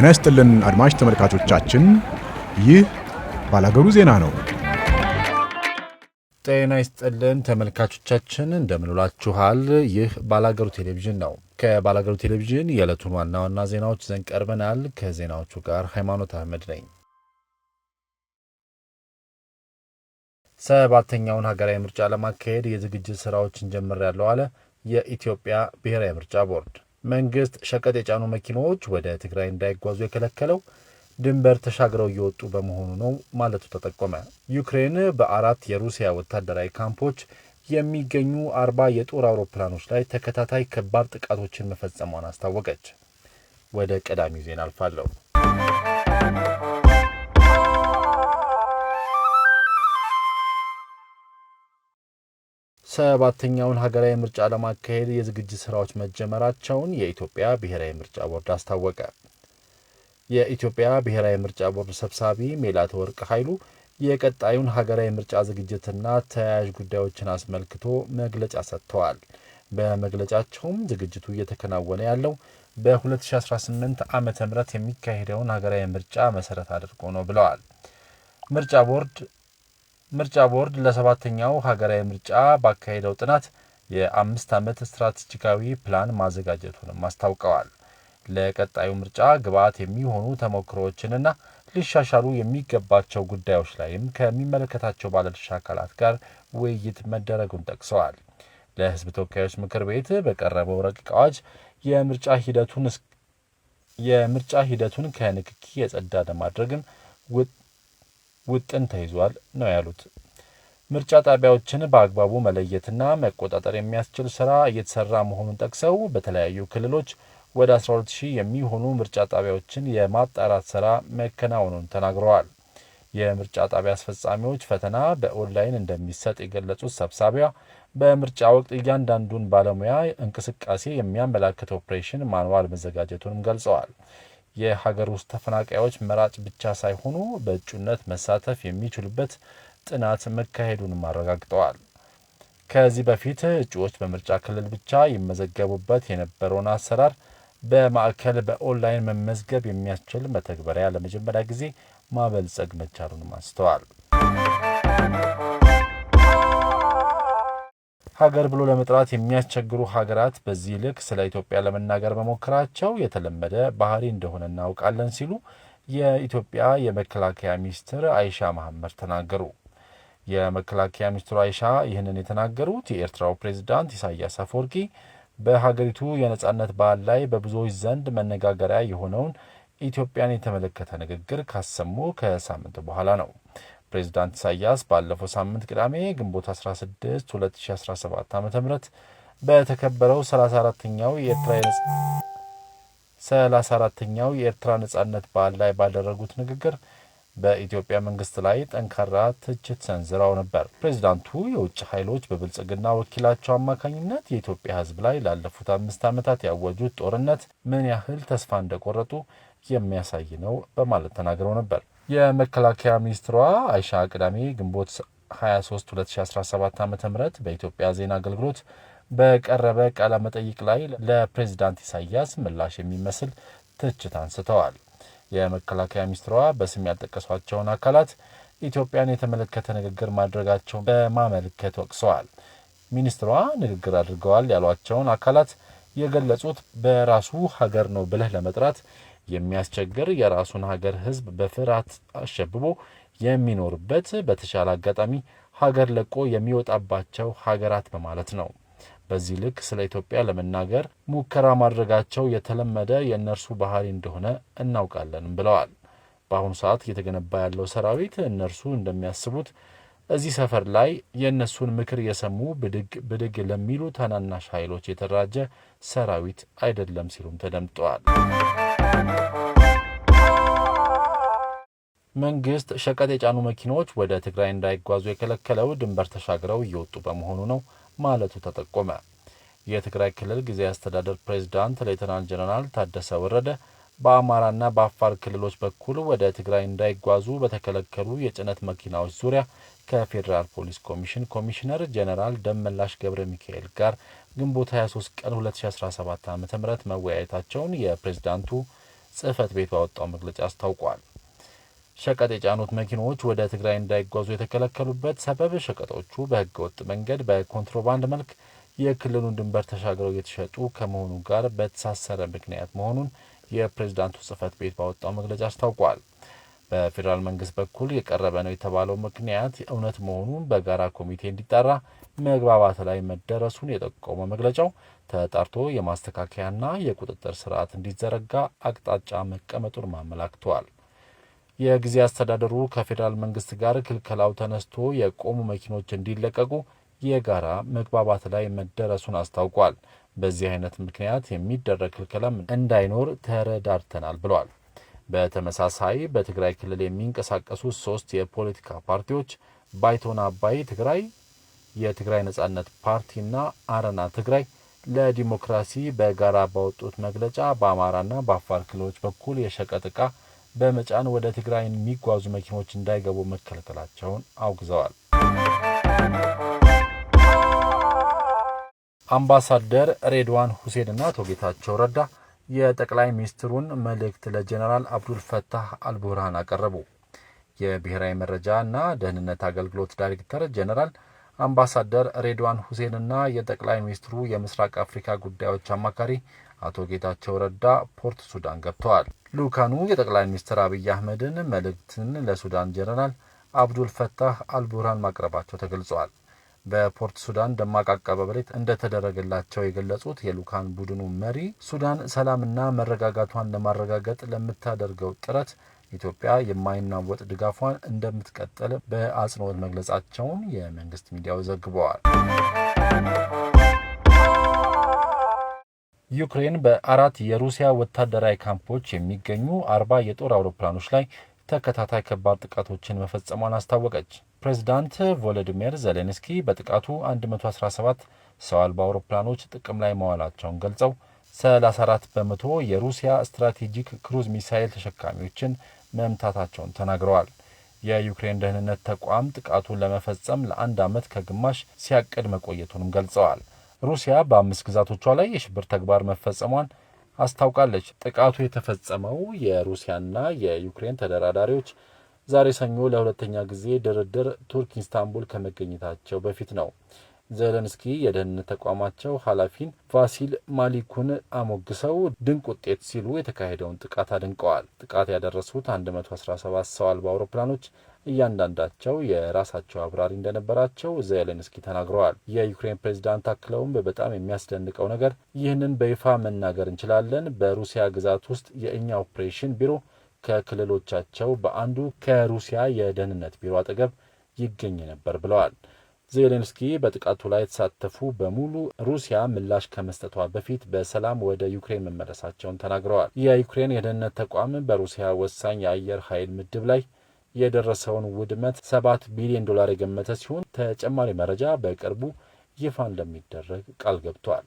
ጤና ይስጥልን አድማጭ ተመልካቾቻችን፣ ይህ ባላገሩ ዜና ነው። ጤና ይስጥልን ተመልካቾቻችን፣ እንደምንውላችኋል። ይህ ባላገሩ ቴሌቪዥን ነው። ከባላገሩ ቴሌቪዥን የዕለቱን ዋና ዋና ዜናዎች ይዘን ቀርበናል። ከዜናዎቹ ጋር ሃይማኖት አህመድ ነኝ። ሰባተኛውን ሀገራዊ ምርጫ ለማካሄድ የዝግጅት ስራዎችን ያለው አለ የኢትዮጵያ ብሔራዊ ምርጫ ቦርድ። መንግስት ሸቀጥ የጫኑ መኪናዎች ወደ ትግራይ እንዳይጓዙ የከለከለው ድንበር ተሻግረው እየወጡ በመሆኑ ነው ማለቱ ተጠቆመ። ዩክሬን በአራት የሩሲያ ወታደራዊ ካምፖች የሚገኙ አርባ የጦር አውሮፕላኖች ላይ ተከታታይ ከባድ ጥቃቶችን መፈጸሟን አስታወቀች። ወደ ቀዳሚው ዜና አልፋለሁ። ሰባተኛውን ሀገራዊ ምርጫ ለማካሄድ የዝግጅት ስራዎች መጀመራቸውን የኢትዮጵያ ብሔራዊ ምርጫ ቦርድ አስታወቀ። የኢትዮጵያ ብሔራዊ ምርጫ ቦርድ ሰብሳቢ ወርቅ ኃይሉ የቀጣዩን ሀገራዊ ምርጫ ዝግጅትና ተያያዥ ጉዳዮችን አስመልክቶ መግለጫ ሰጥተዋል። በመግለጫቸውም ዝግጅቱ እየተከናወነ ያለው በ2018 ዓ ም የሚካሄደውን ሀገራዊ ምርጫ መሰረት አድርጎ ነው ብለዋል። ምርጫ ቦርድ ምርጫ ቦርድ ለሰባተኛው ሀገራዊ ምርጫ ባካሄደው ጥናት የአምስት ዓመት ስትራቴጂካዊ ፕላን ማዘጋጀቱንም አስታውቀዋል። ለቀጣዩ ምርጫ ግብዓት የሚሆኑ ተሞክሮዎችንና ሊሻሻሉ የሚገባቸው ጉዳዮች ላይም ከሚመለከታቸው ባለድርሻ አካላት ጋር ውይይት መደረጉን ጠቅሰዋል። ለሕዝብ ተወካዮች ምክር ቤት በቀረበው ረቂቅ አዋጅ የምርጫ ሂደቱን የምርጫ ሂደቱን ከንክኪ የጸዳ ለማድረግም ውጥን ተይዟል ነው ያሉት። ምርጫ ጣቢያዎችን በአግባቡ መለየትና መቆጣጠር የሚያስችል ስራ እየተሰራ መሆኑን ጠቅሰው በተለያዩ ክልሎች ወደ 12 ሺህ የሚሆኑ ምርጫ ጣቢያዎችን የማጣራት ስራ መከናወኑን ተናግረዋል። የምርጫ ጣቢያ አስፈጻሚዎች ፈተና በኦንላይን እንደሚሰጥ የገለጹት ሰብሳቢያ በምርጫ ወቅት እያንዳንዱን ባለሙያ እንቅስቃሴ የሚያመላክት ኦፕሬሽን ማንዋል መዘጋጀቱንም ገልጸዋል። የሀገር ውስጥ ተፈናቃዮች መራጭ ብቻ ሳይሆኑ በእጩነት መሳተፍ የሚችሉበት ጥናት መካሄዱንም አረጋግጠዋል። ከዚህ በፊት እጩዎች በምርጫ ክልል ብቻ ይመዘገቡበት የነበረውን አሰራር በማዕከል በኦንላይን መመዝገብ የሚያስችል መተግበሪያ ለመጀመሪያ ጊዜ ማበልጸግ መቻሉንም አንስተዋል። ሀገር ብሎ ለመጥራት የሚያስቸግሩ ሀገራት በዚህ ልክ ስለ ኢትዮጵያ ለመናገር መሞከራቸው የተለመደ ባህሪ እንደሆነ እናውቃለን ሲሉ የኢትዮጵያ የመከላከያ ሚኒስትር አይሻ መሐመድ ተናገሩ። የመከላከያ ሚኒስትሩ አይሻ ይህንን የተናገሩት የኤርትራው ፕሬዝዳንት ኢሳያስ አፈወርቂ በሀገሪቱ የነጻነት በዓል ላይ በብዙዎች ዘንድ መነጋገሪያ የሆነውን ኢትዮጵያን የተመለከተ ንግግር ካሰሙ ከሳምንት በኋላ ነው። ፕሬዚዳንት ኢሳያስ ባለፈው ሳምንት ቅዳሜ ግንቦት 16 2017 ዓ ም በተከበረው 34ኛው የኤርትራ የኤርትራ ነጻነት በዓል ላይ ባደረጉት ንግግር በኢትዮጵያ መንግስት ላይ ጠንካራ ትችት ሰንዝረው ነበር። ፕሬዚዳንቱ የውጭ ኃይሎች በብልጽግና ወኪላቸው አማካኝነት የኢትዮጵያ ሕዝብ ላይ ላለፉት አምስት ዓመታት ያወጁት ጦርነት ምን ያህል ተስፋ እንደቆረጡ የሚያሳይ ነው በማለት ተናግረው ነበር። የመከላከያ ሚኒስትሯ አይሻ ቅዳሜ ግንቦት 23 2017 ዓ ም በኢትዮጵያ ዜና አገልግሎት በቀረበ ቃለ መጠይቅ ላይ ለፕሬዚዳንት ኢሳያስ ምላሽ የሚመስል ትችት አንስተዋል። የመከላከያ ሚኒስትሯ በስም ያልጠቀሷቸውን አካላት ኢትዮጵያን የተመለከተ ንግግር ማድረጋቸውን በማመልከት ወቅሰዋል። ሚኒስትሯ ንግግር አድርገዋል ያሏቸውን አካላት የገለጹት በራሱ ሀገር ነው ብለህ ለመጥራት የሚያስቸግር የራሱን ሀገር ህዝብ በፍርሃት አሸብቦ የሚኖርበት በተሻለ አጋጣሚ ሀገር ለቆ የሚወጣባቸው ሀገራት በማለት ነው። በዚህ ልክ ስለ ኢትዮጵያ ለመናገር ሙከራ ማድረጋቸው የተለመደ የእነርሱ ባህሪ እንደሆነ እናውቃለንም ብለዋል። በአሁኑ ሰዓት እየተገነባ ያለው ሰራዊት እነርሱ እንደሚያስቡት እዚህ ሰፈር ላይ የእነሱን ምክር የሰሙ ብድግ ብድግ ለሚሉ ታናናሽ ኃይሎች የተደራጀ ሰራዊት አይደለም ሲሉም ተደምጠዋል። መንግስት ሸቀጥ የጫኑ መኪናዎች ወደ ትግራይ እንዳይጓዙ የከለከለው ድንበር ተሻግረው እየወጡ በመሆኑ ነው ማለቱ ተጠቆመ። የትግራይ ክልል ጊዜያዊ አስተዳደር ፕሬዝዳንት ሌተናል ጀነራል ታደሰ ወረደ በአማራና በአፋር ክልሎች በኩል ወደ ትግራይ እንዳይጓዙ በተከለከሉ የጭነት መኪናዎች ዙሪያ ከፌዴራል ፖሊስ ኮሚሽን ኮሚሽነር ጀነራል ደመላሽ ገብረ ሚካኤል ጋር ግንቦት 23 ቀን 2017 ዓ ም መወያየታቸውን የፕሬዝዳንቱ ጽህፈት ቤት ባወጣው መግለጫ አስታውቋል። ሸቀጥ የጫኑት መኪኖች ወደ ትግራይ እንዳይጓዙ የተከለከሉበት ሰበብ ሸቀጦቹ በህገወጥ መንገድ በኮንትሮባንድ መልክ የክልሉን ድንበር ተሻግረው እየተሸጡ ከመሆኑ ጋር በተሳሰረ ምክንያት መሆኑን የፕሬዝዳንቱ ጽህፈት ቤት ባወጣው መግለጫ አስታውቋል። በፌዴራል መንግስት በኩል የቀረበ ነው የተባለው ምክንያት እውነት መሆኑን በጋራ ኮሚቴ እንዲጠራ መግባባት ላይ መደረሱን የጠቆመ መግለጫው ተጣርቶ የማስተካከያና የቁጥጥር ስርዓት እንዲዘረጋ አቅጣጫ መቀመጡን አመላክተዋል። የጊዜ አስተዳደሩ ከፌዴራል መንግስት ጋር ክልከላው ተነስቶ የቆሙ መኪኖች እንዲለቀቁ የጋራ መግባባት ላይ መደረሱን አስታውቋል። በዚህ አይነት ምክንያት የሚደረግ ክልከላም እንዳይኖር ተረዳድተናል ብለዋል። በተመሳሳይ በትግራይ ክልል የሚንቀሳቀሱ ሶስት የፖለቲካ ፓርቲዎች ባይቶና አባይ ትግራይ፣ የትግራይ ነጻነት ፓርቲና አረና ትግራይ ለዲሞክራሲ በጋራ ባወጡት መግለጫ በአማራና በአፋር ክልሎች በኩል የሸቀጥ ዕቃ በመጫን ወደ ትግራይ የሚጓዙ መኪኖች እንዳይገቡ መከልከላቸውን አውግዘዋል። አምባሳደር ሬድዋን ሁሴንና አቶ ጌታቸው ረዳ የጠቅላይ ሚኒስትሩን መልእክት ለጀኔራል አብዱልፈታህ አልቡርሃን አቀረቡ። የብሔራዊ መረጃ እና ደህንነት አገልግሎት ዳይሬክተር ጀኔራል አምባሳደር ሬድዋን ሁሴን እና የጠቅላይ ሚኒስትሩ የምስራቅ አፍሪካ ጉዳዮች አማካሪ አቶ ጌታቸው ረዳ ፖርት ሱዳን ገብተዋል። ልኡካኑ የጠቅላይ ሚኒስትር አብይ አህመድን መልእክትን ለሱዳን ጀነራል አብዱል ፈታህ አልቡርሃን ማቅረባቸው ተገልጿል። በፖርት ሱዳን ደማቅ አቀባበል እንደተደረገላቸው የገለጹት የሉካን ቡድኑ መሪ ሱዳን ሰላምና መረጋጋቷን ለማረጋገጥ ለምታደርገው ጥረት ኢትዮጵያ የማይናወጥ ድጋፏን እንደምትቀጥል በአጽንኦት መግለጻቸውን የመንግስት ሚዲያው ዘግበዋል። ዩክሬን በአራት የሩሲያ ወታደራዊ ካምፖች የሚገኙ አርባ የጦር አውሮፕላኖች ላይ ተከታታይ ከባድ ጥቃቶችን መፈጸሟን አስታወቀች። ፕሬዚዳንት ቮሎዲሚር ዜሌንስኪ በጥቃቱ 117 ሰው አልባ አውሮፕላኖች ጥቅም ላይ መዋላቸውን ገልጸው 34 በመቶ የሩሲያ ስትራቴጂክ ክሩዝ ሚሳይል ተሸካሚዎችን መምታታቸውን ተናግረዋል። የዩክሬን ደህንነት ተቋም ጥቃቱን ለመፈጸም ለአንድ ዓመት ከግማሽ ሲያቅድ መቆየቱንም ገልጸዋል። ሩሲያ በአምስት ግዛቶቿ ላይ የሽብር ተግባር መፈጸሟን አስታውቃለች። ጥቃቱ የተፈጸመው የሩሲያና የዩክሬን ተደራዳሪዎች ዛሬ ሰኞ ለሁለተኛ ጊዜ ድርድር ቱርክ ኢስታንቡል ከመገኘታቸው በፊት ነው። ዘለንስኪ የደህንነት ተቋማቸው ኃላፊን ቫሲል ማሊኩን አሞግሰው ድንቅ ውጤት ሲሉ የተካሄደውን ጥቃት አድንቀዋል። ጥቃት ያደረሱት 117 ሰው አልባ አውሮፕላኖች እያንዳንዳቸው የራሳቸው አብራሪ እንደነበራቸው ዘሌንስኪ ተናግረዋል። የዩክሬን ፕሬዚዳንት አክለውም በጣም የሚያስደንቀው ነገር ይህንን በይፋ መናገር እንችላለን፣ በሩሲያ ግዛት ውስጥ የእኛ ኦፕሬሽን ቢሮ ከክልሎቻቸው በአንዱ ከሩሲያ የደህንነት ቢሮ አጠገብ ይገኝ ነበር ብለዋል። ዜሌንስኪ በጥቃቱ ላይ የተሳተፉ በሙሉ ሩሲያ ምላሽ ከመስጠቷ በፊት በሰላም ወደ ዩክሬን መመለሳቸውን ተናግረዋል። የዩክሬን የደህንነት ተቋም በሩሲያ ወሳኝ የአየር ኃይል ምድብ ላይ የደረሰውን ውድመት 7 ቢሊዮን ዶላር የገመተ ሲሆን ተጨማሪ መረጃ በቅርቡ ይፋ እንደሚደረግ ቃል ገብቷል።